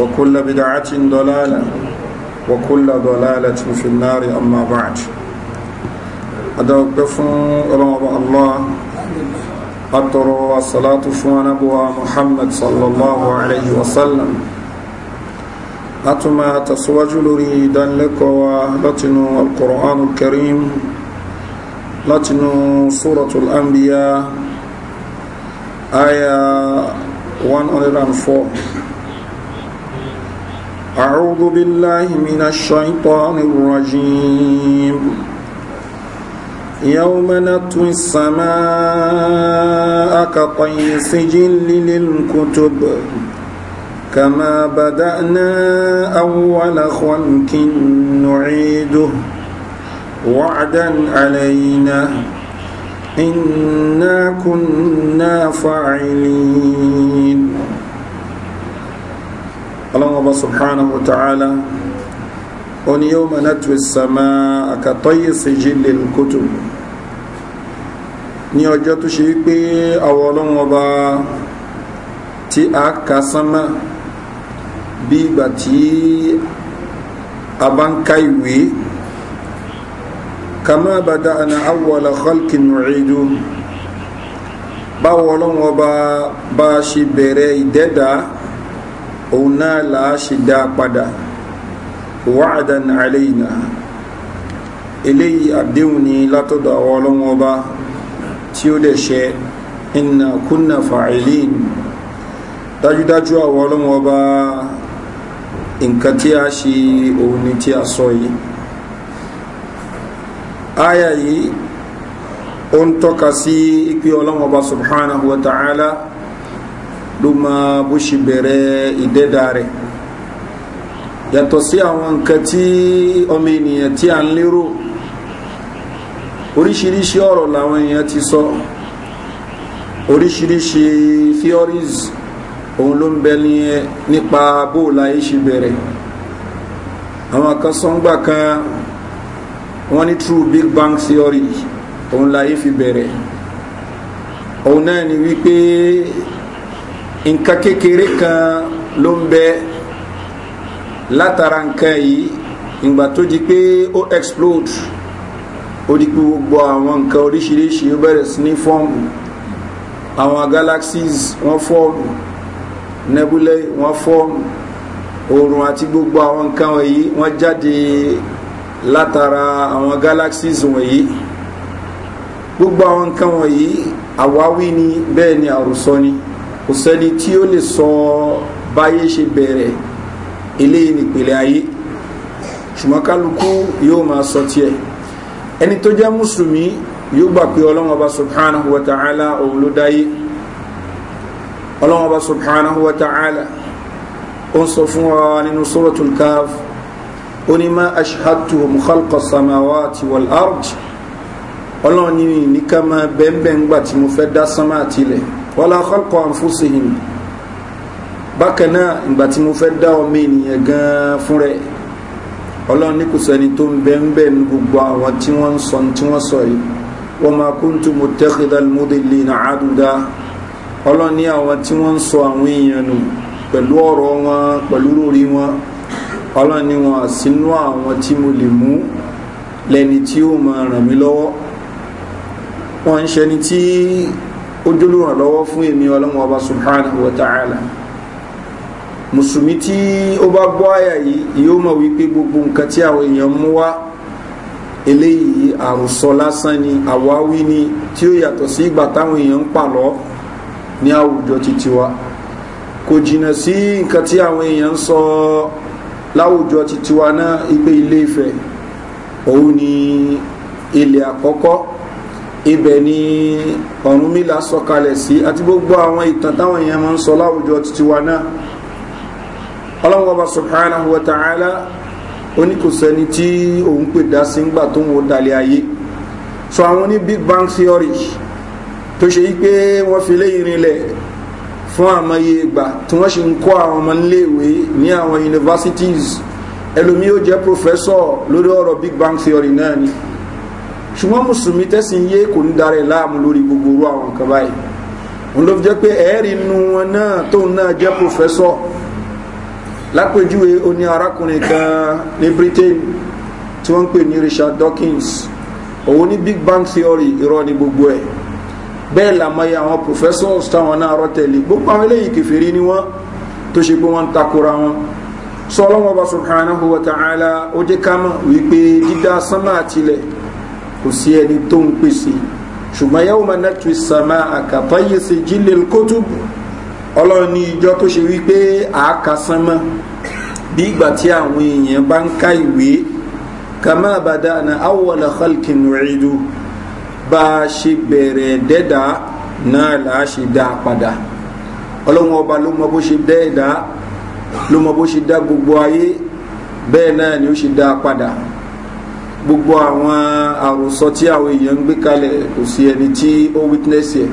وكل بدعة ضلالة وكل ضلالة في النار أما بعد أدعوك فون الله أطر الصلاة فون أبوها محمد صلى الله عليه وسلم أتما تسوج لريدا لك ولتن القرآن الكريم لتن سورة الأنبياء آية 104 أعوذ بالله من الشيطان الرجيم يوم نطوي السماء كطي سجل للكتب كما بدأنا أول خلق نعيده وعدا علينا إنا كنا فاعلين ọlọ́wọ́n bá subhanahu wa ta'ala ó ní yóò máa nàtú sàmà àkàtọ́yè sèjì lè kótó ní ọjọ́ tó ṣe pé àwọn ọlọ́wọ́n bá tí a kà sánmà bí ìgbà tí a bá ń ka ìwé kàmá bàdá àná awwala khalqin nu'idu báwo ọlọ́wọ́n bá bá ṣe bẹ̀rẹ̀ ìdẹ́dàá òun náà là á ṣe dá padà wa'dan alayna eléyìí àdéhùn ni látọ̀dọ̀ àwọn ọlọ́wọ́n ọba tí ó dẹ̀ ṣe inna kunna fa'ilin dájúdájú àwọn ọlọ́wọ́n ọba nǹkan tí a ṣe òun ni tí a sọ yìí áyà yìí ó ń tọ́ka sí ipi ọlọ́wọ́n ọba subhanahu wa ta'ala Duma mọ bó ṣe bẹ̀rẹ̀ ìdẹ́dà rẹ̀ yàtọ̀ sí àwọn nǹkan tí ọmọ ènìyàn tí a ń lérò oríṣiríṣi ọ̀rọ̀ làwọn èèyàn ti sọ oríṣiríṣi theories òun ló ń bẹ ní ẹ nípa bóòlà yìí ṣe bẹ̀rẹ̀ àwọn kan sọ́ngbà kan wọ́n ní true big bang theory òun láyé fi bẹ̀rẹ̀ òun náà ni wípé nǹkan kékeré kan ló ń bẹ látara nǹkan ìgbà tó di pé ó explode ó di pé gbogbo àwọn nǹkan oríṣiríṣi ó bẹ̀rẹ̀ sí ní fọ́ọ̀mù àwọn galaxies wọ́n fọ́ọ̀mù nebulae wọ́n fọ́ọ̀mù oòrùn àti gbogbo àwọn nǹkan wọ̀nyí wọ́n jáde látara àwọn galaxies wọ̀nyí gbogbo àwọn nǹkan wọ̀nyí àwáwí ni bẹ́ẹ̀ ni àròsọ ni kò sẹ́ni tí ó lè sọ báyé ṣe bẹ̀rẹ̀ eléyìí nípìnlẹ̀ ayé ṣùgbọ́n kálukú yóò máa sọ tiẹ̀ ẹni tó jẹ́ mùsùlùmí yóò gbà pé ọlọ́run ọba subhanahu wa ta'ala òun ló dáyé ọlọ́run ọba subhanahu wa ta'ala ó ń sọ fún wa nínú suratul kaf ó ní má ashhadtuhum khalqa samawati wal ọlọ́run ní nìkan máa bẹ́ẹ̀ bẹ́ẹ̀ ń gbà tí mo fẹ́ dá sánmà àtilẹ̀ wala khalqa anfusihim bákan náà ìgbà tí mo fẹ́ dá ọmọ ènìyàn gan-an fún rẹ̀ ọlọ́run ní kò sẹ́ni tó ń bẹ́ ń bẹ́ ní gbogbo àwọn tí wọ́n ń sọ tí wọ́n sọ yìí wọ́n máa kún tó mo tẹ́kìdá lódìlì náà àdúdá ọlọ́run ní àwọn tí wọ́n ń sọ àwọn èèyàn nù pẹ̀lú ọ̀rọ̀ wọn pẹ̀lú lórí wọn ọlọ́run ní wọn àsínú àwọn tí mo lè mú lẹ́ni tí ó máa ràn mí lọ́wọ́ wọ́n ń ṣẹni tí ojúlùràn lọ́wọ́ fún èmi ọlọ́run ọba subhanahu wa ta'ala mùsùlùmí tí ó bá gbọ́ àyà yìí yóò mọ̀ wípé gbogbo nǹkan tí àwọn èèyàn mú wá eléyìí àròsọ lásán ni àwáwí ni tí ó yàtọ̀ sí ìgbà táwọn èèyàn ń pàlọ́ ní àwùjọ títí wa kò jìnà sí nǹkan tí àwọn èèyàn ń sọ láwùjọ títí wa náà ipe ilé ìfẹ́ òun ni ilẹ̀ àkọ́kọ́ ibẹ̀ ni ọ̀rúnmìlà sọ̀kalẹ̀ sí àti gbogbo àwọn ìtàn táwọn èèyàn máa ń sọ láwùjọ títí wa náà ọlọ́run ọba subhanahu wa tí òun pè dá sí ńgbà tó ń wo dalẹ̀ ayé so àwọn ní big bang theory tó ṣe yí pé wọ́n fi léyìn rinlẹ̀ fún àmọye ìgbà tí wọ́n ṣe ń kọ́ àwọn ọmọ níléèwé ní àwọn universities ẹlòmí ó jẹ́ professor lórí ọ̀rọ̀ big bang theory náà ni ṣùgbọ́n mùsùlùmí tẹ́sìn yé kò ní darẹ̀ láàmú lórí gbogbo orú àwọn nǹkan báyìí òun ló fi jẹ́ pé ẹ̀ẹ́rì inú wọn náà tóun náà jẹ́ pòfẹ́sọ̀ lápèjúwe ó arákùnrin kan ní britain tí wọ́n ń pè ní richard dawkins òun ní big bang theory irọ́ ni gbogbo ẹ̀ bẹ́ẹ̀ làmọye àwọn professors táwọn náà rọ́tẹ̀lé gbogbo àwọn eléyìí kẹfìrí ni wọ́n tó ṣe pé wọ́n ń takora wọn sọ subhanahu wa ta'ala ó jẹ́ ká wípé dídá sánmà àtilẹ̀ kò sí ẹni tó ń pèsè ṣùgbọ́n yẹ́wò máa nẹ́tù ìsàmà àkàtọ́yè sí jílẹ̀ kótùbù ọlọ́run ní ìjọ tó ṣe wípé àákasánmọ́ bí ìgbà tí àwọn èèyàn bá ń ká ìwé kàmá àbàdà àná àwọ̀lá halkin rẹ̀dù bá a ṣe bẹ̀rẹ̀ dẹ́dà náà là ṣe dá a padà ọlọ́run ọba ló mọ bó ṣe dẹ́ẹ̀dá ló mọ bó ṣe dá gbogbo ayé bẹ́ẹ̀ náà ni ó ṣe dá a padà gbogbo àwọn àròsọ tí àwọn èèyàn ń gbé kalẹ̀ kò sí ẹni tí ó witness yẹ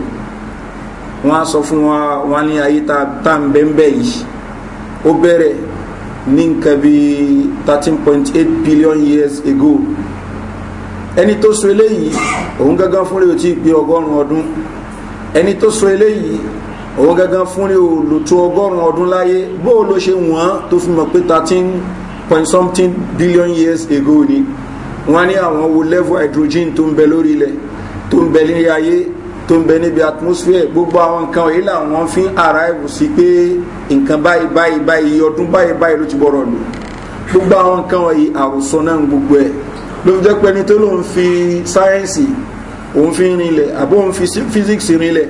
wọ́n á sọ fún wa wọ́n ní ayé tá à ń bẹ́ńbẹ́ yìí ó bẹ̀rẹ̀ ní nǹkan bí thirteen point eight billion years ago ẹni tó sọ eléyìí òun gángan fún rẹ̀ ó ti pé ọgọ́rùn-ún ọdún ẹni tó sọ eléyìí òun gángan fún rẹ̀ ó lò tó ọgọ́rùn-ún ọdún láyé bó o lo ṣe wọ́n tó fi mọ̀ pé thirteen point something billion years ago ni wọ́n ní àwọn wo level hydrogen tó ń bẹ lórí ilẹ̀ tó ń bẹ ní ayé tó ń bẹ níbi atmosphere gbogbo àwọn nǹkan wọ̀nyí làwọn fi ń arrive sí pé nǹkan báyìí báyìí báyìí ọdún báyìí báyìí ló ti bọ̀rọ̀ lò gbogbo àwọn nǹkan wọ̀nyí àròsọ náà gbogbo ẹ̀ ló fi jẹ́ pé ẹni tó lòun fi sáyẹ́ǹsì òun fi rinlẹ̀ àbó òun fi physics rinlẹ̀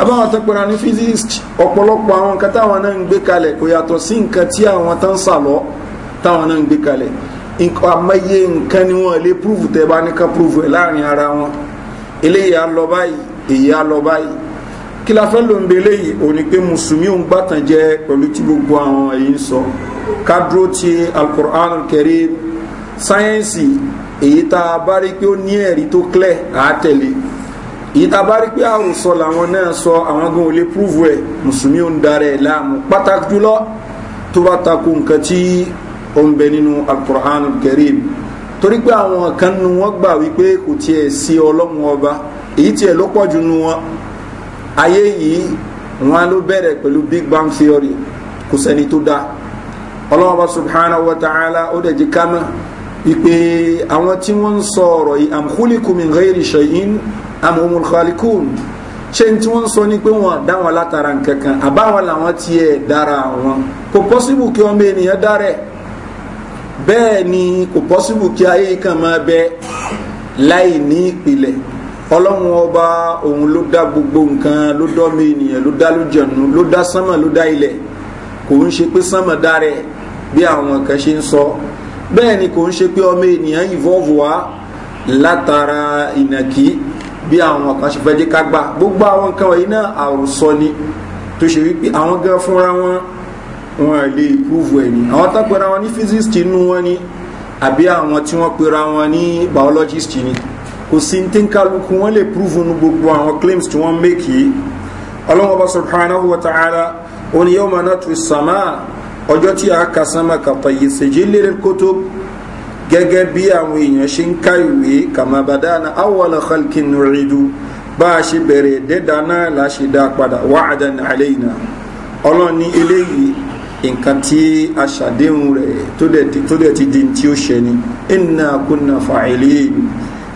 abáwọn tó pera ní physics ọ̀pọ̀lọpọ̀ àwọn nǹkan táwọn náà ń gbé kalẹ̀ kò yàtọ̀ sí nǹkan tí àwọn tán sà lọ táwọn náà ń gbé kalẹ̀ àmọye nǹkan ni wọ́n lè púrúfù tẹ́ bá ní ká púrúfù ẹ̀ láàrin ara wọn eléyìí á lọ báyìí èyí á lọ báyìí kí la fẹ́ ló ń belé yìí ò ní pé mùsùlùmí òun gbàtàn jẹ pẹ̀lú tí gbogbo àwọn èyí ń sọ ká dúró ti alukur'an karim sáyẹ́nsì èyí tá a bá rí pé ó ní ẹ̀rí tó clear àátẹ̀lé èyí tá a bá rí pé àròsọ làwọn náà sọ àwọn gan ò lè púrúfù ẹ̀ mùsùlùmí òun darẹ̀ láàmú pàtàkì jùlọ tó bá takò nǹkan tí ó ń bẹ nínú alukur'an karim torí pé àwọn kan nu wọn gbà wípé kò tiẹ̀ sí ọlọ́run ọba èyí tiẹ̀ ló pọ̀ jù nu wọn ayé yìí wọn ló bẹ̀rẹ̀ pẹ̀lú big bang theory kò sẹ́ni tó dáa ọlọ́run ọba subhanahu wa ta'ala ó dẹ̀ jí kámẹ́ ìpè àwọn tí wọ́n ń sọ ọ̀rọ̀ yìí amhulikum min ghairi shay'in amhumul khaliqun ṣé n tí wọ́n ń sọ ni pé wọ́n dáwọn látara nkankan àbáwọn làwọn tiẹ̀ dára wọn kò pọ́sibù kí ọmọ ènìyàn dára ẹ̀ bẹ́ẹ̀ ni kò pọ́sibù kí ayé kan máa bẹ láì ní ìpìlẹ̀ ọlọ́run ọba òun ló dá gbogbo nǹkan ló dọ́mọ ènìyàn ló dá lójọ̀nù ló dá sánmà ló dá ilẹ̀ kò ń ṣe pé sánmà dárẹ̀ bí àwọn kan ṣe ń sọ bẹ́ẹ̀ ni kò ń ṣe pé ọmọ ènìyàn ìvọ́ọ̀vù wá látara ìnàkí bí àwọn kan ṣe fẹ́ jẹ́ ká gbà gbogbo àwọn nǹkan wọ̀nyí náà àròsọ ni tó ṣe wípé àwọn gan fúnra wọn wọn lè prove ẹ̀ ní àwọn tó pera wọn ní physicist inú wọn ni àbí àwọn tí wọ́n pera wọn ní biologist ni kò sí tí ń kálukú wọn lè prove nu gbogbo àwọn claims tí wọ́n make yìí ọlọ́wọ́n bá subhanahu wa ta'ala ó ní yóò máa náà tu sàmà ọjọ́ tí a kà sánmà kàtà yìí ṣèjì lérè kótó gẹ́gẹ́ bí àwọn èèyàn ṣe ń ká ìwé kàmàbàdà náà awọ́lá khalkin nùrìdù bá a ṣe bẹ̀rẹ̀ dẹ́dà náà la dá padà wàhádà ní àlẹ́ ìnà ọlọ́run ní eléyìí nǹkan tí a ṣàdéhùn rẹ̀ tó dẹ̀ ti di tí ó ṣe ni inna kunna fa'ilin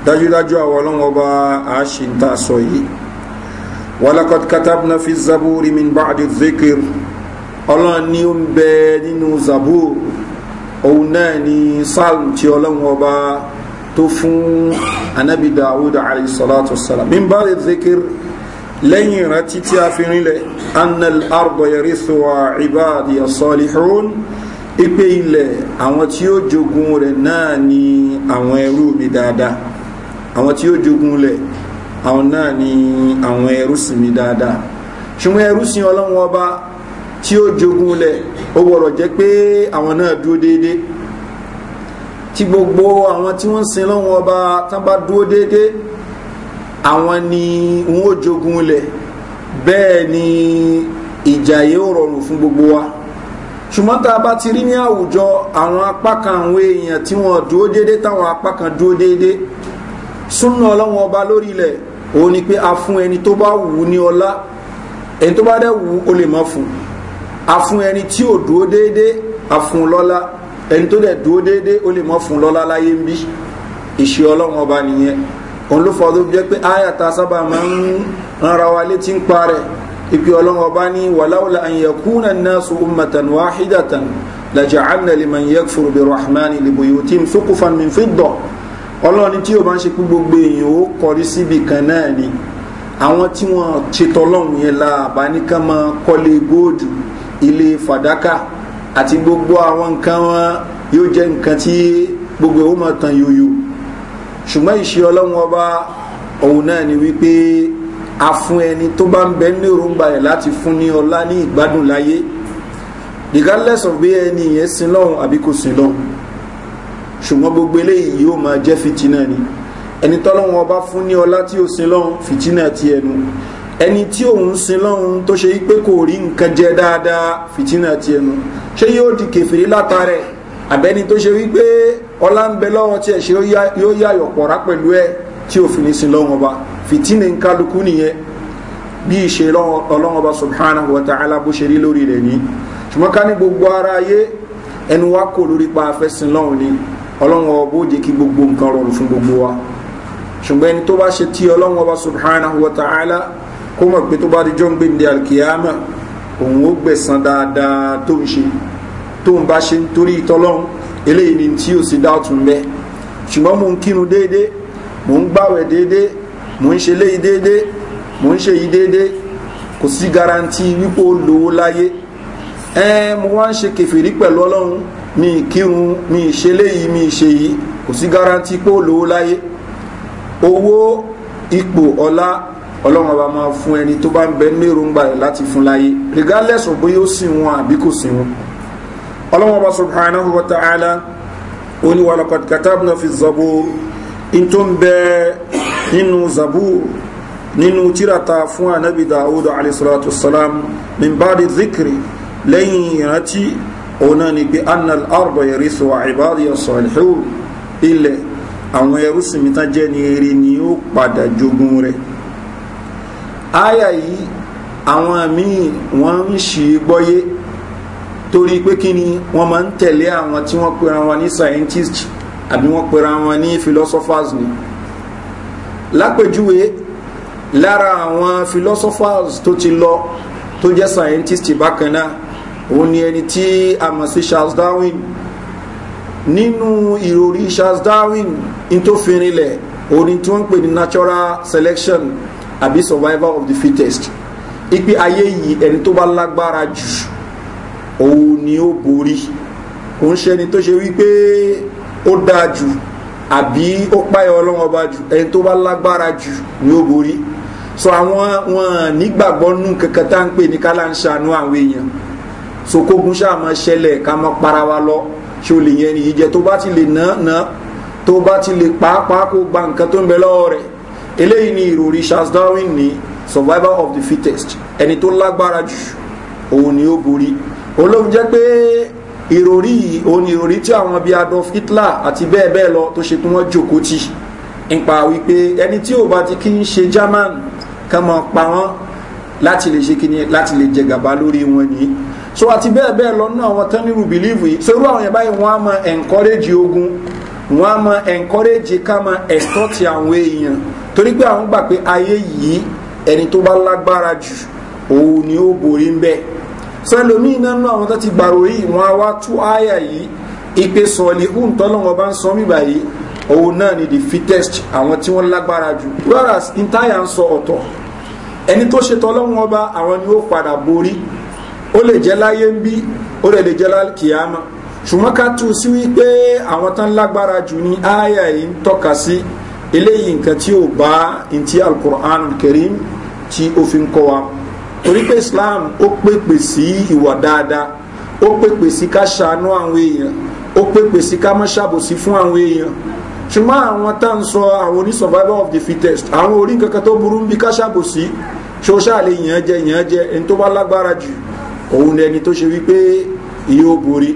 dájúdájú àwọn ọlọ́wọ́ bá a ṣe ń ta sọ yìí walakad katabna fi zaburi min ba'di dhikr ọlọ́run ní ó ń bẹ nínú zabur òun náà ni sáàlù tí ọlọ́wọ́ bá tó fún anabi dawud alayhi salatu wassalam min ba'di dhikr lẹ́yìn ìrántí tí a fi rinlẹ̀ annal arbo yarithuwa ibadi as-salihun ipe ilẹ̀ àwọn tí ó jogun rẹ̀ náà ni àwọn ẹrú mi dáadáa àwọn tí ó jogun lẹ̀ àwọn náà ni àwọn ẹrú sí mi dáadáa ṣùgbọ́n ẹrú sí ọlọ́run ọba tí ó jogun lẹ̀ ó wọ̀rọ̀ jẹ́ pé àwọn náà dúró déédéé tí gbogbo àwọn tí wọ́n sin lọ́wọ́ ọba tán bá dúró déédéé àwọn ni wọn ò jogun lẹ̀ bẹ́ẹ̀ ni ìjà yóò rọrùn fún gbogbo wa ṣùgbọ́n tá a bá ti rí ní àwùjọ àwọn apá kan àwọn èèyàn tí wọ́n dúó déédé táwọn apá kan dúó déédé súnà ọlọ́wọ́n ọba lórí ilẹ̀ òun ni pé a fún ẹni tó bá wù ú ní ọlá ẹni tó bá dẹ̀ wù ú ó lè má fún a fún ẹni tí ò dúó déédé a fún lọ́lá ẹni tó dẹ̀ dúó déédé ó lè má fún lọ́lá láyé ń bí ìṣe ọlọ́wọ́n ọba nìyẹn òun ló fọdó jẹ́ pé ayàtà sábà máa ń rara wa létí ń parẹ́ ipi ọlọ́run ọba ní wàláwùlà àyẹ̀kúnà náà sùn ummatan wahidatan laja'alna liman yakfuru bi rahmani libuyutim suqufan min fidda ọlọ́run tí ó bá ń ṣe pé gbogbo èèyàn ó kọrí síbi kan náà ni àwọn tí wọ́n ṣètò ọlọ́run yẹn la àbáníkà máa kọ́lé góòdù ilé fàdákà àti gbogbo àwọn nǹkan wọn yóò jẹ́ nǹkan tí gbogbo ẹ̀ máa tàn yòyò ṣùgbọ́n ìṣe ọlọ́run ọba òun náà ni wípé a fún ẹni tó bá ń bẹ ní òrùngbà rẹ̀ láti fún ní ọlá ní ìgbádùn láyé regardless of bí ẹni yẹn sin lọ́hùn àbí kò sin lọ́hùn ṣùgbọ́n gbogbo eléyìí yóò máa jẹ́ fìtínà ni ẹni tọ́lọ́hùn ọba fún ní ọlá tí ó sin lọ́hùn fìtínà ti ẹnu ẹni tí òun sin lọ́hùn tó ṣe pé kò rí nǹkan jẹ dáadáa fìtínà ti ẹnu ṣé yóò di kẹfìrí látara ẹ̀ àbẹ́ni tó ṣe wípé ọlá ń bẹ lọ́wọ́ tí ẹ̀ ṣe yóò yá àyọ̀pọ̀ra pẹ̀lú ẹ tí ò fi ní sin lọ́wọ́ ọba fìtínì ń kálukú nìyẹn bí ìṣe ọlọ́wọ́ ọba subhanahu wa ta'ala bó ṣe rí lórí rẹ̀ ní ṣùgbọ́n ká ní gbogbo ara ayé ẹnu wa kò lórí pa afẹ́sìn lọ́wọ́ ni ọlọ́wọ́ ọba ó jẹ́ kí gbogbo nǹkan rọrùn fún gbogbo wa ṣùgbọ́n ẹni tó bá ṣe tí ọlọ́wọ́ ọba subhanahu wa ta'ala kó mọ̀ pé tó bá di jọ́ǹgbé ní alkiyama òun ó gbẹ̀sán dáadáa tó ń ṣe tó ń bá ṣe nítorí ìtọ́lọ́run eléyìí ni tí ò sí dáàtún bẹ́ ṣùgbọ́n mo ń kírun déédéé mo ń gbàwẹ̀ déédéé mo ń ṣe léyìí déédéé mo ń ṣe yìí déédéé kò sí garanti wípé ó lówó láyé ẹ mo wá ń ṣe kẹfìrí pẹ̀lú ọlọ́run mi kírun mi ṣe léyìí mi ṣe yìí kò sí garanti pé ó lówó láyé owó ipò ọlá ọlọ́run ọba máa fún ẹni tó bá ń bẹ ní èròǹgbà rẹ̀ láti fún láyé regardless of bóyá ó sìn wọn àbí kò sìn wọn ọlọ́wọ́n bá subhanahu wa ta'ala ó ní walaqad katabna fi zabur in tó ń bẹ nínú zabur nínú tírata fún anabi dawud alayhi salatu wassalam min ba'di dhikri lẹ́yìn ìrántí òun náà ni pé annal arba yarithu wa ibadiya salihun ilẹ̀ àwọn ẹrú sìmítà jẹ́ ní eré ni ó padà jogun rẹ̀ áyà yìí àwọn míì wọ́n ń ṣe gbọ́yé torí pé kí ni wọ́n máa ń tẹ̀lé àwọn tí wọ́n pera wọn ní scientist àbí wọ́n pera wọn ní philosophers ni lápèjúwe lára àwọn philosophers tó ti lọ tó jẹ́ scientist bákan náà òun ni ẹni tí a mọ̀ sí charles darwin nínú ìròrí charles darwin in tó ni tí wọ́n pè ní natural selection àbí survival of the fittest ipe ayé yìí ẹni tó bá lágbára jù òun ni ó borí kò ń ṣẹni tó ṣe wípé ó dáa jù àbí ó páyọ ọlọ́wọ́n bá jù ẹni tó bá lágbára jù ni ó borí so àwọn wọn nígbàgbọ́ nù kankan tá à ń pè ní kálá ń ṣàánú àwọn èèyàn so kógun ṣáà máa ṣẹlẹ̀ ká máa para wa lọ ṣe o lè yẹn nìyí jẹ tó bá ti lè ná ná tó bá ti lè pàápàá kó gba nǹkan tó ń bẹ lọ́wọ́ rẹ̀ eléyìí ni ìròrí charles darwin ní survival of the fittest ẹni tó lágbára jù òun ni ó borí olóhùn jẹ́ pé ìròrí yìí òun ìròrí tí àwọn bíi adolf hitler àti bẹ́ẹ̀ bẹ́ẹ̀ lọ tó ṣe kí wọ́n jòkó tì nípa wípé ẹni tí ò bá ti kí ń ṣe german kan mọ̀ pa wọ́n láti lè ṣe kíni láti lè jẹ gàba lórí wọn nìyí so àti bẹ́ẹ̀ bẹ́ẹ̀ lọ náà àwọn tán nírú bìlíìfù yìí sorú àwọn yẹn báyìí wọ́n á mọ encourage ogun wọ́n á mọ encourage ká mọ ẹ̀tọ́ ti àwọn èèyàn torí pé àwọn gbà pé ayé yìí ẹni tó bá lágbára jù òun ni ó borí ń bẹ́ẹ̀ sẹlómìn náà nú àwọn tó ti gbàrò yìí wọn á wá tú àyà yìí ìpè sọ̀lì hùn tọ́lọ́wọ́n bá ń sọ mí báyìí òun náà ni the fittest àwọn tí wọ́n lágbára jù whereas intaya ń sọ ọ̀tọ̀ ẹni tó ṣe tọ́lọ́wọ́n bá àwọn ni ó padà borí ó lè jẹ́ láyé ń bí ó lè lè jẹ́ lálkìyàmá ṣùgbọ́n ká tú sí wípé àwọn tán lágbára jù ní àyà yìí ń tọ́ka sí eléyìí nǹkan tí ò bá ntí alukur'an kẹrim tí ó fi wa torí pé islam ó pèpè sí ìwà dáadáa ó pèpè sí ká ṣàánú àwọn èèyàn ó pèpè sí ká má ṣàbòsí fún àwọn èèyàn ṣùgbọ́n àwọn tá ń sọ àwọn oní survival of the fittest àwọn orí kankan tó burú ń bí ká ṣàbòsí ṣoṣà lè yàn jẹ yàn jẹ ẹni tó bá lágbára jù òun ẹni tó ṣe wípé yóò borí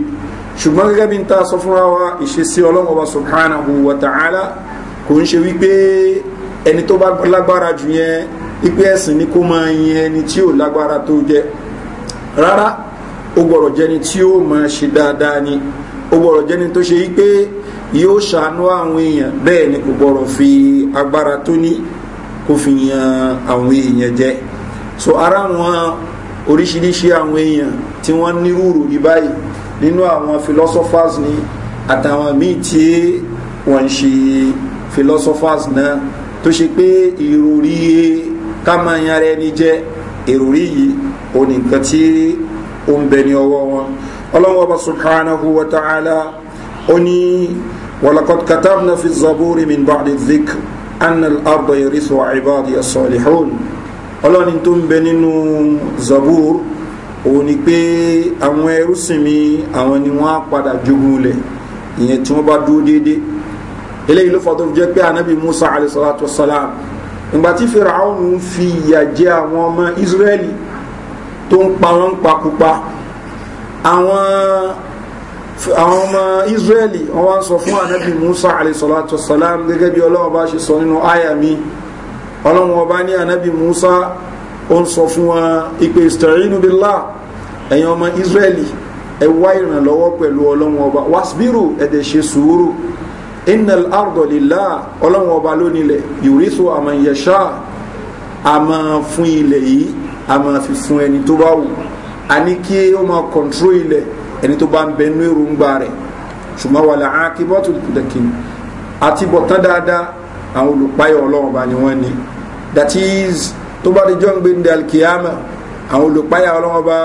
ṣùgbọ́n gẹ́gẹ́ bí n ta sọ fúnra wa ìṣesí ọlọ́run ọba subhanahu wa ta'ala kò ń ṣe wípé ẹni tó bá lágbára jù yẹn ipe ẹ̀sìn ni kó máa yin ẹni tí ò lágbára tó jẹ rárá ó gbọ́dọ̀ jẹni tí ó máa ṣe dáadáa ni ó gbọ́dọ̀ jẹni tó ṣe wípé yóò ṣàánú àwọn èèyàn bẹ́ẹ̀ ni kò gbọ́dọ̀ fi agbára tó ní kó fi yan àwọn èèyàn jẹ so ara wọn oríṣiríṣi àwọn èèyàn tí wọ́n nírúurú ní báyìí nínú àwọn philosophers ni àtàwọn míì tí wọ́n ń ṣe philosophers náà tó ṣe pé ìròrí ká máa yan ara ẹni jẹ èròrí yìí ó ní nǹkan tí ó ń bẹ ní ọwọ́ wọn ọlọ́run ọba subhanahu wa ta'ala ó ní walakot katabna fi zaburi min ba'di dhik anna al-arda yarithu ibadi as-salihun ọlọ́run tó ń bẹ nínú zabur òun ni pé àwọn ẹrúsìn mi àwọn ni wọ́n á padà jogún lẹ̀ tí wọ́n bá dúró déédéé eléyìí ló fọ́ tó fi jẹ́ pé anabi musa alayhi salatu wa salam ìgbà tí fìràhùn fi ìyà jẹ àwọn ọmọ israẹli tó ń pa wọn papupa àwọn àwọn ọmọ israẹli wọn wá ń sọ fún anabi musa alayhisalatu salam gẹ́gẹ́ bí ọlọ́wọ́ bá ṣe sọ nínú àyà mi ọlọ́wọ́ bá ní anabi musa ó ń sọ fún wọn ìpè ìsìtẹ̀rínú bí ẹ̀yin ọmọ israẹli ẹ wá ìrànlọ́wọ́ pẹ̀lú ọlọ́wọ́ ọba wàsbírù ẹ̀dẹ̀ ṣe sùúrù innal ardo lillah ọlọ́run ọba lónìí lẹ̀ yorùsọ àmọ́ ìyẹ̀ṣà àmọ́ fún ilẹ̀ yìí àmọ́ fi fún ẹni tó bá wù a ní kí ó máa kọ̀ntró ilẹ̀ ẹni tó bá ń bẹ èròǹgbà rẹ̀ ṣùgbọ́n wà láà kí bọ́tù dẹ̀kìn àti bọ̀tán dáadáa àwọn olùpáyọ̀ ọlọ́run ọba ni wọ́n ní that is tó bá di jọ́ǹgbé ní alkiyama àwọn olùpáyà ọlọ́wọ́ bá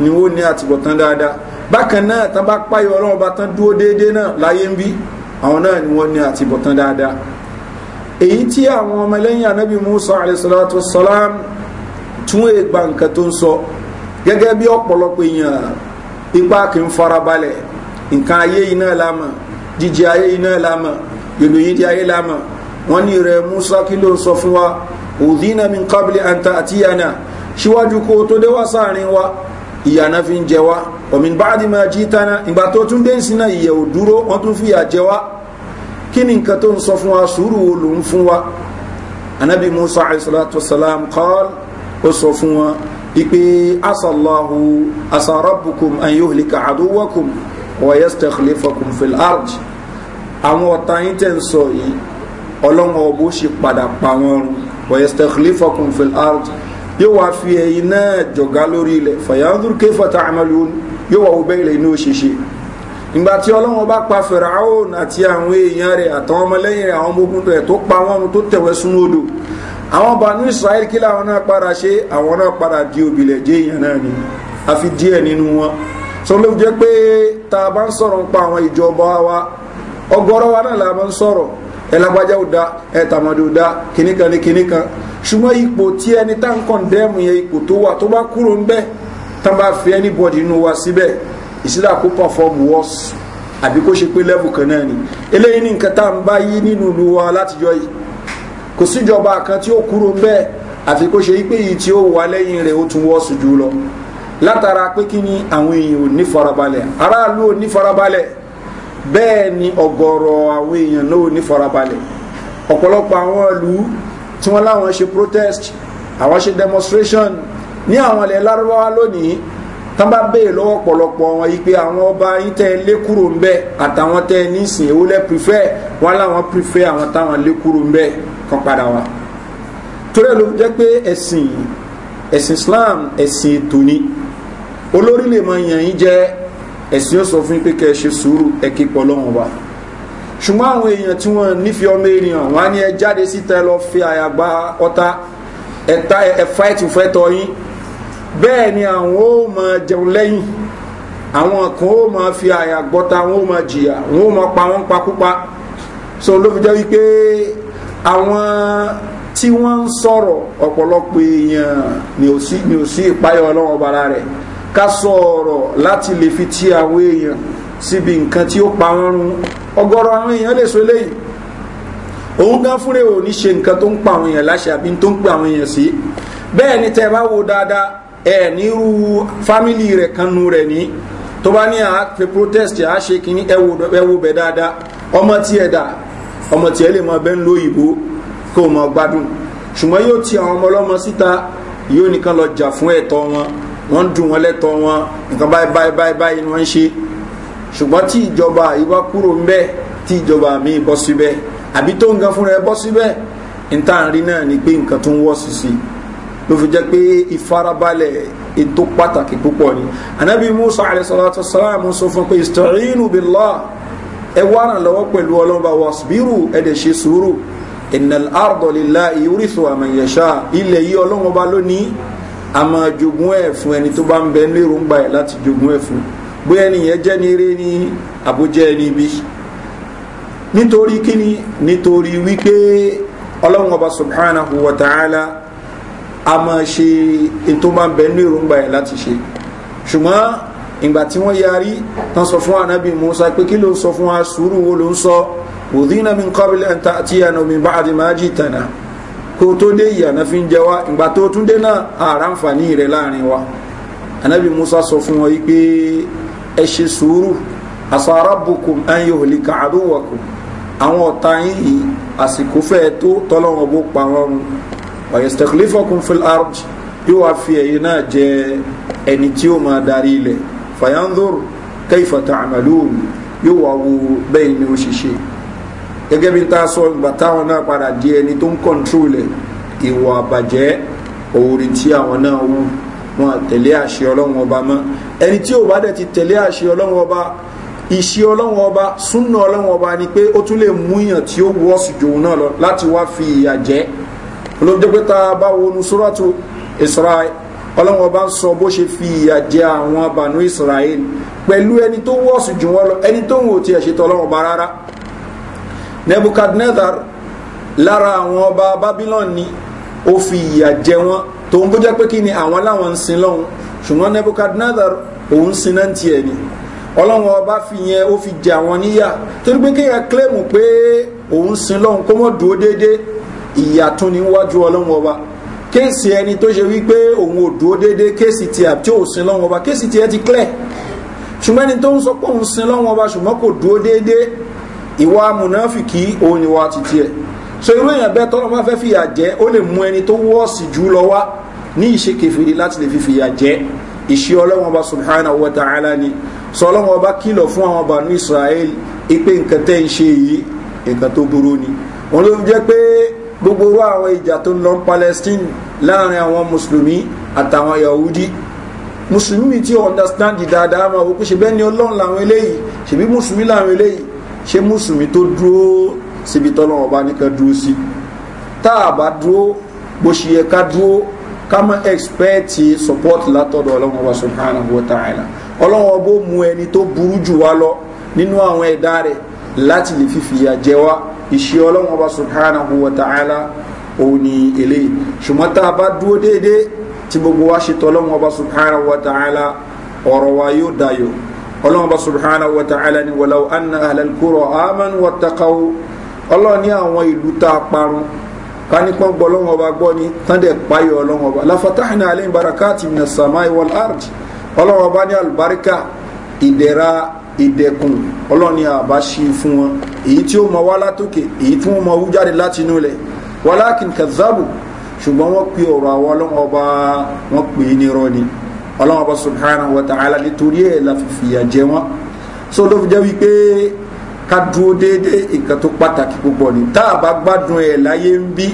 ni ó ní àtìbọ̀tán dáadáa bákan náà tán bá páyà ọlọ́wọ́ bá tán dúó déédéé náà láyé ń bí àwọn náà ni wọ́n ní àtibọ̀tán dáadáa èyí tí àwọn ọmọlẹ́yìn anábì musa alayhisalatu salam tún ègbà nǹkan tó ń sọ gẹ́gẹ́ bí ọ̀pọ̀lọpọ̀ èèyàn ipa kì ń farabalẹ̀ nǹkan ayé iná lámà jíjẹ ayé iná lámà yòlò yìí di ayé lámà wọ́n ní rẹ̀ musa kí ló ń sọ fún wa òdínà mi kábílì àǹtà àtìyànà síwájú kó tó dé wá sáàrin wa ìyà náà fi ń jẹ wá ọ̀mìn bá dì máa jí tánà ìgbà tó tún dé sínú ìyẹ̀ ò dúró wọ́n tún fi ìyà jẹ wá kí ni nǹkan tó ń sọ fún wa sùúrù wo ló ń fún wa anabi musa alayhisalatu wasalam kọ́l ó sọ fún wa ipe asalahu asarabukum ayohlika aduwakum wayestakhlifakum fil ard àwọn ọ̀tá yín tẹ̀ ń sọ yìí ọlọ́run ọ̀bù ṣe padà pa wọn run wayestakhlifakum fil ard yóò wá fi ẹ̀yìn náà jọ̀gá lórí ilẹ̀ fàyàndúrú kéfàtà àmàlùún yóò wá wo bẹ́ẹ̀ ilẹ̀ inú òṣèṣe ìgbà tí ọlọ́wọ́n bá pa fẹ̀ràáhùn àti àwọn èèyàn rẹ̀ àtàwọn ọmọlẹ́yìn rẹ̀ àwọn ọmọ rẹ̀ tó pa wọn tó tẹ̀wẹ́ sún odò àwọn bànú israel kí làwọn náà padà ṣe àwọn náà padà di òbílẹ̀ jẹ́ èèyàn náà ni àfi díẹ̀ nínú wọn tó ló jẹ́ pé tá a bá ń sọ̀rọ̀ ń pa àwọn ìjọba wa ọgọ́rọ́ wa náà la máa ń sọ̀rọ̀ ẹ̀lágbájá ò da ẹ̀tàmọ́dé ò da kìnnìkan ní kìnnìkan ṣùgbọ́n ipò tí ẹni tá ń kọ̀ndẹ́mù yẹn ipò tó wà tó bá kúrò ń bẹ́ tán bá fi anybody inú wa síbẹ̀ ìsílà kó perform worse àbí kó ṣe pé level kan náà ni eléyìí ní nǹkan tá ń bá yí nínú ìlú wa látijọ́ yìí kò síjọba kan tí ó kúrò ń bẹ́ẹ̀ àfi kó ṣe wípé yìí tí ó wà lẹ́yìn rẹ̀ ó tún worse jù lọ látara pé kí ni àwọn èèyàn ò ní farabalẹ̀ aráàlú ò ní farabalẹ̀ bẹ́ẹ̀ ni ọ̀gọ̀rọ̀ àwọn èèyàn náà ò ní farabalẹ̀ ọ̀pọ̀lọpọ̀ àwọn ìlú tí wọ́n láwọn ṣe protest àwọn ṣe demonstration ní àwọn ilẹ̀ lárúbáwá lónìí tán bá béèrè lọ́wọ́ pọ̀lọpọ̀ wọn yìí pé àwọn ọba yín tẹ́ lé kúrò ń bẹ́ẹ̀ àtàwọn tẹ́ nísìn èwo lẹ́ prefer wọn láwọn prefer àwọn táwọn lé kúrò ń bẹ́ẹ̀ kan padà wá. torí ló jẹ́ pé ẹ̀sìn ẹ̀sìn Islam ẹ̀sìn ètò ni olórí lè mọ yàn yín jẹ́ ẹ̀sìn yóò sọ fún yín pé kẹ́ ẹ ṣe sùúrù ẹ pọ̀ lọ́wọ́n wa ṣùgbọ́n àwọn èèyàn tí wọ́n nífẹ̀ẹ́ ọmọ ènìyàn wọ́n á ní ẹ jáde síta ẹ lọ fi àyàgbá ọta ẹ̀ta ẹ̀ fáìtì fẹ́tọ̀ yín bẹ́ẹ̀ ni àwọn ó mọ jẹun lẹ́yìn àwọn kan ó mọ fi àyàgbọ́ta wọn ó mọ jìyà wọn ó mọ pa wọn pakúpa so ló fi jẹ́ wípé àwọn tí wọ́n ń sọ̀rọ̀ ọ̀pọ̀lọpọ̀ èèyàn ni ò sí ìpáyọ̀ ọlọ́wọ́ bara rẹ̀ ká sọ̀rọ̀ láti lè fi ti àwọn èèyàn síbi nǹkan tí ó pa wọn run ọgọ́rọ̀ àwọn èèyàn lè so eléyìí òun gan fúnra ò ní ṣe nǹkan tó ń pa àwọn èèyàn láṣẹ àbí tó ń pa àwọn èèyàn sí bẹ́ẹ̀ ni tẹ́ ẹ bá wo dáadáa ẹ nírú fámìlì rẹ̀ kan nu rẹ̀ ní tó bá ní àá pe protest àá ṣe kínní ẹ wo bẹ̀ dáadáa ọmọ tí ẹ dà ọmọ tí ẹ lè mọ bẹ́ẹ̀ ń lo ìbò kó o mọ gbádùn ṣùgbọ́n yóò ti àwọn ọmọ ọlọ́mọ síta yóò nìkan lọ jà fún ẹ̀tọ́ wọn wọ́n ń dùn wọn lẹ́tọ́ wọn nǹkan báyìí báyìí báyìí ni wọ́n ń ṣe ṣùgbọ́n tí ìjọba yìí bá kúrò ń bẹ́ tí ìjọba mi bọ́ síbẹ̀ àbí tó ń gan fúnra ẹ bọ́ síbẹ̀ ìtànrí náà ni pé nǹkan tó ń wọ́ sí sí ló fi jẹ́ pé ìfarabalẹ̀ ètò pàtàkì púpọ̀ ni anabi musa alayhisalatu salam sọ fún pé istaeenu billah ẹ wá ràn lọ́wọ́ pẹ̀lú ọlọ́mọba wasbiru ẹ dẹ̀ ṣe sùúrù innal ardo lillahi yurithu ilẹ̀ yìí ọlọ́mọba lónìí a máa ẹ̀ fún ẹni tó bá ń bẹ ní èròǹgbà ẹ̀ láti jogún ẹ̀ fún bóyá ẹnìyẹn jẹ́ ní eré ní àbójẹ́ ẹni bí nítorí kíni nítorí wípé ọlọ́run ọba subhanahu wa ta'ala a máa ṣe ètò máa bẹ̀ ní èròǹgbà ẹ̀ láti ṣe ṣùgbọ́n ìgbà tí wọ́n yarí tán sọ fún anábì musa pé kí ló sọ fún wa sùúrù wo ló ń sọ òdínà mi kọ́bílẹ̀ ń ta àti ìyànà mi bá àti máa jì tànà kó tó dé ìyànà fi ń jẹ wá ìgbà tó tún dé náà àrà ń fà ní ìrẹ̀ láàrin wa anábì musa sọ fún wọn yí pé ẹ ṣe sùúrù asarabukum anyoholi kaaduwakum àwọn ọ̀tá yín yìí àsìkò fẹ́ tó tọ́lọ́wọ́n bó pa wọ́n run ọ̀yẹ̀sítẹ̀kìlífọ̀kùn fìlárùj yóò wá fi ẹ̀yìn náà jẹ ẹni tí ó máa darí ilẹ̀ fayanzur kẹfà tààmàlúùn yóò wá wo bẹ́ẹ̀ ni ó ṣiṣẹ́ gẹ́gẹ́ bí n ta sọ ìgbà táwọn náà padà di ẹni tó ń kọ́ńtrólẹ̀ ìwà àbàjẹ́ òòrì tí àwọn náà wù wọn àtẹ̀lé àṣẹ ọlọ́run ọba mọ́ ẹni tí ò bá dẹ̀ ti tẹ̀lé àṣẹ ọlọ́run ọba ìṣe ọlọ́run ọba súnà ọlọ́run ọba ni pé ó tún lè mú yàn tí ó wọ́ sùjòun náà lọ láti wá fi ìyà jẹ́ olóòjẹ́ pé tá bá wọnú sóràtú israel ọlọ́run ọba ń sọ bó ṣe fi ìyà jẹ àwọn abànú israel pẹ̀lú ẹni tó wọ́ sùjòun wọn lọ ẹni tó ń wò tiẹ̀ ṣe tọ́lọ́run ọba rárá nebukadnezar lára àwọn ọba babylon ni ó fi ìyà jẹ wọn tòun kó jẹ́ pé kí ni àwọn láwọn ń sin lọ́hùn ṣùgbọ́n Nebuchadnezzar òun sin náà tiẹ̀ ni ọlọ́run ọba fi yẹn ó fi jẹ àwọn níyà torí pé kéèyàn kílẹ̀mù pé òun sin lọ́hùn kó mọ̀ dúró déédéé ìyà tún ní wájú ọlọ́run ọba kéèsì ẹni tó ṣe wípé òun ò dúró déédéé kéèsì tiẹ̀ àti òsìn lọ́hùn ọba kéèsì tiẹ̀ ti clear ṣùgbọ́n ẹni tó ń sọ pé òun sin lọ́hùn ọba ṣùgbọ́n kò dúró déédéé ìwà amúnáfìkì òun ìwà tìtì ẹ̀ so irú èèyàn bẹ́ẹ̀ tọ́lọ́ máa fẹ́ fìyà jẹ́ ó lè mú ẹni tó wọ́ọ̀sì jù lọ wá ní ìṣe kẹfìrí láti lè fi fìyà jẹ́ ìṣe ọlọ́wọ́n ọba subhanahu wa ta'ala ni sọ ọlọ́wọ́n ọba kìlọ̀ fún àwọn ọba ní israel ipe nǹkan tẹ́ ń ṣe yìí nǹkan tó burú ni wọn ló jẹ́ pé gbogbo orú àwọn ìjà tó ń lọ palestine láàrin àwọn mùsùlùmí àtàwọn yahudi mùsùlùmí tí ó understand dáadáa máa wò pé ṣe bẹ́ẹ̀ ni ọlọ́run làwọn eléyìí ṣèbí mùsùlùmí làwọn eléyìí ṣé mùsùlùmí tó dúró síbi tọ́lọ́wọ́n bá ní ká dúró sí tá a bá dúró bó ṣe yẹ ká dúró ká mọ́ ẹ̀xpẹ́ẹ̀tì support látọ̀dọ̀ ọlọ́wọ́n wa subhanahu wa ta'ala ọlọ́wọ́n bó mu ẹni tó burú jù wá lọ nínú àwọn ẹ̀dá rẹ̀ láti lè fìfìyà jẹ wá ìṣe ọlọ́wọ́n wa subhanahu wa ta'ala òun ni eléyìí ṣùgbọ́n tá a bá dúró déédéé tí gbogbo wa ṣe tọ́lọ́wọ́n wa subhanahu wa ta'ala ọ̀rọ̀ wa yóò ọlọ́run ní àwọn ìlú tá a parun ká ní pọ́n gbọ́ ọlọ́run ọba gbọ́ ni tán dẹ̀ páyọ̀ ọlọ́run ọba lafatahina alẹ́ ìbarakati mina samai wal ard ọlọ́run ọba ní alùbáríkà ìdẹ̀ra ìdẹ̀kùn ọlọ́run ní àbá ṣí fún wọn èyí tí ó mọ wá látòkè èyí tí wọ́n mọ wú jáde láti inú lẹ̀ walakin kazabu ṣùgbọ́n wọ́n pe ọ̀rọ̀ àwọn ọlọ́run ọba wọ́n pè é ní ni ọlọ́run ọba subhanahu wa ta'ala nítorí ẹ̀ la fìyà jẹ wọn so ló fi jẹ́ wípé ká dúró déédéé nǹkan tó pàtàkì púpọ̀ ni tá a bá gbádùn ẹ̀ láyé ń bí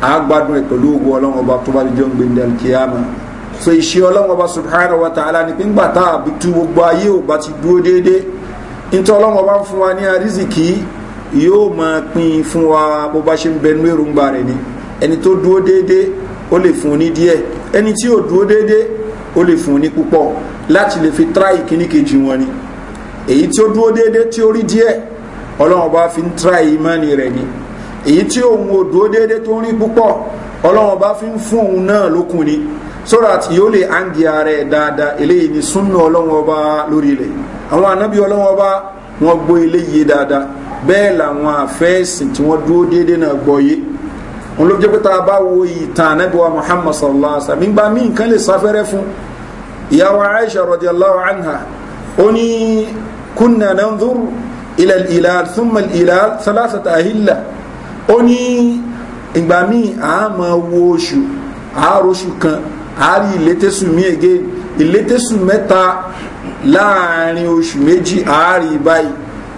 a gbádùn ẹ̀ pẹ̀lú owó ọlọ́run ọba tó bá di jọ́ ń gbé ní alikiyama so ìṣe ọlọ́run ọba subhanahu wa ta'ala ni pín gbà tá a bí tú gbogbo ayé ò bá ti dúró déédéé nítorí ọlọ́run ọba ń fún wa ní àrísìkí yóò máa pín fún wa bó bá ṣe ń bẹ nú èròǹgbà rẹ̀ ni ẹni tó dúró déédéé ó lè fún ní díẹ̀ ẹni tí ò dúró déédéé ó lè fún ní púpọ̀ láti lè fi tíráì kíníkejì wọn ni. èyí tí ó dúró déédé tí ó rí díẹ̀ bá fi ń tra ìmánì rẹ̀ ni èyí tí òun ò dúró déédé tó ń rí púpọ̀ ọlọ́run bá fi ń fún òun náà lókun ni so that yóò lè hangi ara dáadáa eléyìí ni ọba lórí rẹ̀ àwọn ànábì ọlọ́run ọba wọn gbọ́ eléyìí dáadáa bẹ́ẹ̀ làwọn àfẹ́sìn tí dúró déédé náà yé wọn ló jẹ́ pé tá a bá kunna nanzur ila al-hilal thumma al-hilal thalathata ahilla ó ní ìgbà míì a máa wo oṣù àároṣù kan àárí ìlétésù mí ege ìlétésù mẹ́ta láàrin oṣù méjì àárí báyìí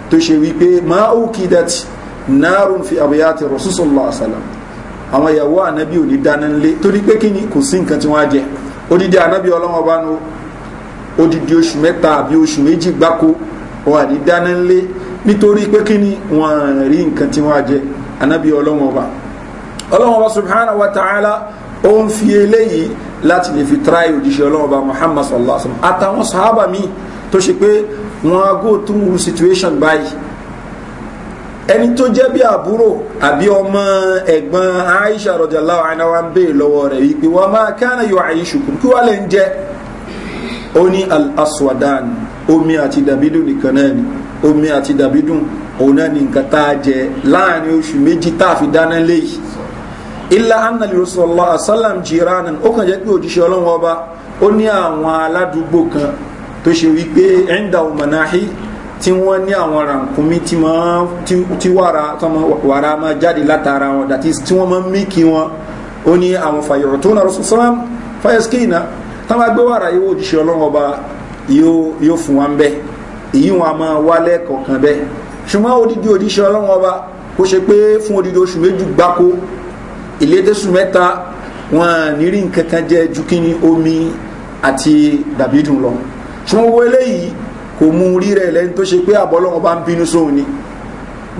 tó ṣe wípé máa ó kìdàtì náàrùn fi àbúyàtì Rasul sallallahu alaihi wasallam àwọn ìyàwó ànábì ò ní dáná nlé torí pé kí ni kò sí nǹkan tí wọ́n á jẹ odidi ànábì ọlọ́wọ́n bá nu odidi oṣù mẹ́ta àbí oṣù méjì gbáko wọn àní dáná ńlé nítorí pé kí ni wọn rí nǹkan tí wọn jẹ anábì ọlọ́wọ́n ọba ọlọ́wọ́n ọba subhanahu wa ta'ala ó ń fi eléyìí láti lè fi tíráyì òjíṣẹ́ ọlọ́wọ́n ọba muhammad sallallahu alaihi wa sallam àtàwọn sahaba mi tó ṣe pé wọn go through situation báyìí ẹni tó jẹ́ bí àbúrò àbí ọmọ ẹ̀gbọ́n aisha radiyallahu anha wa ń béè lọ́wọ́ rẹ̀ wípé wa ma kí wàá lè ń jẹ́ ó al-aswadan omi àti dàbídùn nìkan náà ni omi àti dàbídùn òun náà ni nǹkan tá a jẹ láàrin oṣù méjì tá a fi dáná léyìí ilá annali rasulallah asalam jiranan ó kàn jẹ́ pé òjíṣẹ́ ọlọ́wọ́ ọba ó ní àwọn aládùúgbò kan tó ṣe wípé ẹ̀ńdà òmànáhí tí wọ́n ní àwọn rànkúmí tí wàrà máa jáde látara wọn dàtí tí wọ́n máa ń mí kí wọn ó ní àwọn fàyọ̀rọ̀ tó náà rasulallah fayaskina tá a máa gbé wàrà yìí òjíṣẹ́ ọlọ́wọ́ ọba yóò fún wa ń bẹ́ èyí wọn a máa wálẹ̀ kọ̀ọ̀kan bẹ́ ṣùgbọ́n odidi òdíṣẹ́ ọlọ́wọ́n ọba kó ṣe pé fún odidi oṣù méjì gbáko ìlédésù mẹ́ta wọn nírí nǹkan kan jẹ́ ju kí ni omi àti dàbídùn lọ ṣùgbọ́n owó eléyìí kò mú rí rẹ̀ lẹ́ni tó ṣe pé àbọ̀lọ́wọ́n bá ń bínú sóhun ni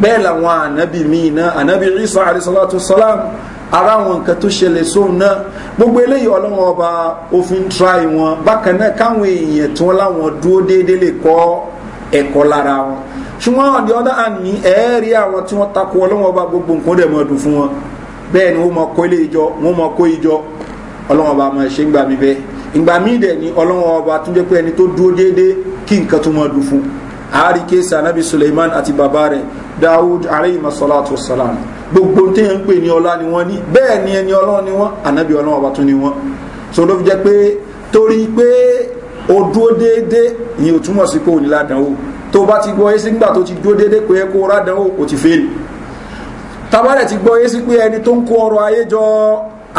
bẹ́ẹ̀ làwọn ànábì míì náà ànábì Isa alayhi salatu wassalam ara àwọn nǹkan tó ṣẹlẹ̀ sóun náà gbogbo eléyìí ọlọ́wọ́n ọba òfin try wọn bákan náà káwọn èèyàn tí wọ́n láwọn dúró déédéé lè kọ́ ẹ̀kọ́ lára wọn ṣùgbọ́n on the other hand ní ẹ̀ẹ́rí àwọn tí wọ́n takò ọlọ́wọ́n ọba gbogbo nǹkan dẹ̀ mọ́ dùn fún wọn bẹ́ẹ̀ ni wọ́n mọ kó ilé ìjọ wọ́n mọ kó ìjọ ọlọ́wọ́n ọba máa ṣe ń gbà mí bẹ́ẹ̀ ìgbà míì dẹ̀ ni ọlọ́wọ́n ọba tún jẹ́ pé ẹni tó dúró déédéé kí nǹkan tó mọ́ dùn fún àárí kéésì anabi suleiman àti bàbá rẹ̀ daoud aleyhi masalatu wasalam gbogbo tí ń pè ní ọlá ni wọ́n ní bẹ́ẹ̀ ni ẹni ọlọ́run ni wọ́n ànábì ọlọ́run ọba tún ni wọ́n so ló fi jẹ́ pé torí pé o dúó déédé ìyẹn ò túmọ̀ sí pé òní ládàánwò tó bá ti gbọ́ yé sí nígbà tó ti dúó déédé pé kó rádàánwò ò ti fèrè tabalẹ̀ ti gbọ́ yé sí pé ẹni tó ń kó ọrọ̀ ayé jọ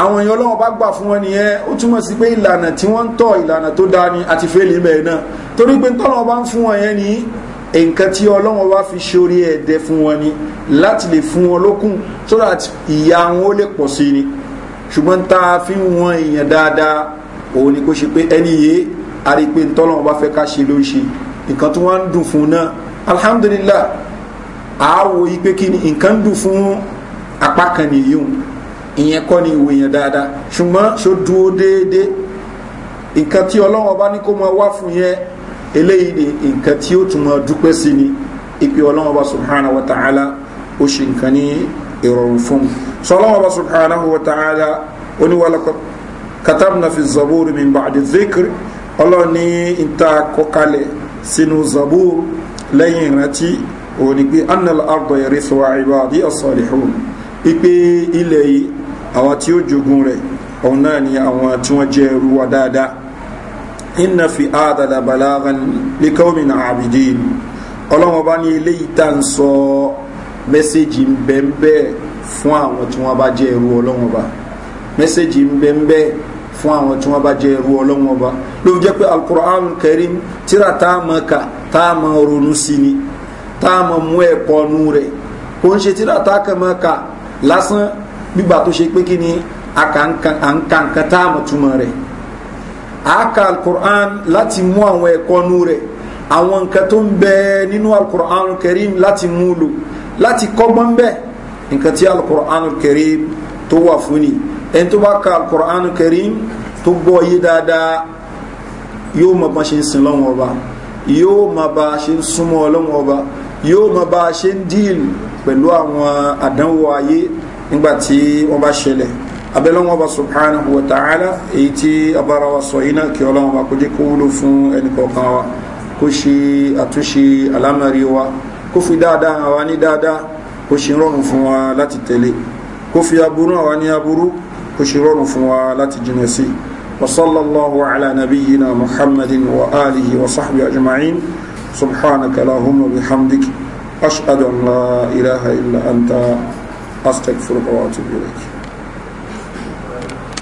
àwọn èèyàn ọlọ́run bá gbà fún wọn nìyẹn ó túmọ̀ sí pé ìlànà tí wọ́n ń tọ̀ ìlànà tó dáa ni àti fèrè ibẹ̀ náà torí pé tọ́lọ́ bá ń fún wọn yẹn nìyí nǹkan tí ọlọ́wọ́n wá fi ṣorí ẹ̀dẹ fún wọn ni láti lè fún wọn lókun so that ìyà wọn ó lè pọ̀ sí ni ṣùgbọ́n tá a fi ń wọn èèyàn dáadáa òun ni kò ṣe pé ẹni yìí a rí i pé ntọ́lọ́wọ́n bá fẹ́ ká ṣe ló ń ṣe nǹkan tí wọ́n ń dùn fún náà alhamdulillah àáwò yìí pé kí ni nǹkan dùn fún apá kan nìyí o ìyẹn kọ́ ni ìwé dáadáa ṣùgbọ́n ṣó dúró déédéé nǹkan tí ọlọ́wọ́n bá ní kó máa wá fún yẹn eléyìí ni nǹkan tí ó tún máa dúpẹ́ sí ni ìpè ọlọ́wọ́n bá subhanahu wa ta'ala ó ṣe nǹkan ní ìrọ̀rùn fún un sọ ọlọ́wọ́n bá subhanahu wa ta'ala ó ní wàlá katabna fi zaburi min ba'di dhikr ọlọ́run ní ìta kọkalẹ̀ sínú zabur lẹ́yìn ìrántí òun ni pé annal ardo yarithuha ibadi as-salihun ipe ilẹ̀ yìí àwọn tí ó jogun rẹ̀ òun náà ni àwọn tí wọ́n jẹ́ ẹrú wa dáadáa inna fi hada la balagan li qawmin abidin ọlọ́wọ́n bá ní eléyìí tá à fún àwọn tí wọ́n bá jẹ́ ẹrú ọlọ́wọ́n bá mẹ́sẹ́jì ń bẹ́ ń bẹ́ fún àwọn tí wọ́n bá jẹ́ ẹrú ọlọ́wọ́n ló pé alukur'an kẹrin tíra a ká a ronú sí ni Aka alukur'an láti mú àwọn ẹ̀kọ́ nú rẹ̀ àwọn nǹkan tó ń bẹ nínú alukur'an kẹrim láti mú lò láti kọ́gbọ́n bẹ́ nǹkan tí alukur'an kẹrim tó wà fún ni ẹni tó bá ka alukur'an kẹrim tó gbọ́ yé dáadáa yóò mọ bá ṣe ń sin lọ́wọ́ ọba yóò mọ bá ṣe ń súnmọ́ lọ́wọ́ ọba yóò mọ bá ṣe ń díìlì pẹ̀lú àwọn àdánwò ayé nígbà tí wọ́n bá ṣẹlẹ̀ abẹ́lẹ́wọ̀n ọba subhanahu wa ta'ala èyí tí abára wa sọ iná kí ọlọ́wọ́n ọba kó jẹ́ kó wúlò fún ẹnìkọ̀ọ̀kan wa kó ṣe àtúnṣe alámàrí wa kó fi dáadáa hàn wá ní dáadáa kó ṣe rọrùn fún wa láti tẹ̀lé kó fi aburú hàn ní aburú kó ṣe rọrùn fún wa láti jìnà sí وصلى الله على نبينا محمد وآله وصحبه أجمعين سبحانك اللهم وبحمدك أشهد أن لا إله إلا أنت أستغفرك وأتوب إليك